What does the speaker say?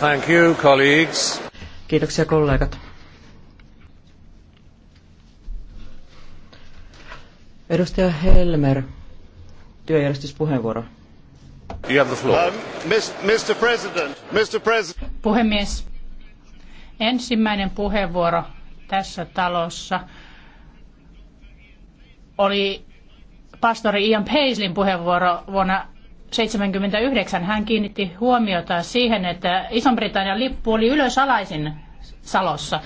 Thank you, colleagues. Kiitoksia kollegat. Edustaja Helmer, työjärjestyspuheenvuoro. You have the floor. Uh, um, Mr. President, Mr. President. Puhemies, ensimmäinen puheenvuoro tässä talossa oli pastori Ian Paisleyn puheenvuoro vuonna 1979. Hän kiinnitti huomiota siihen, että Ison-Britannian lippu oli ylösalaisin salossa.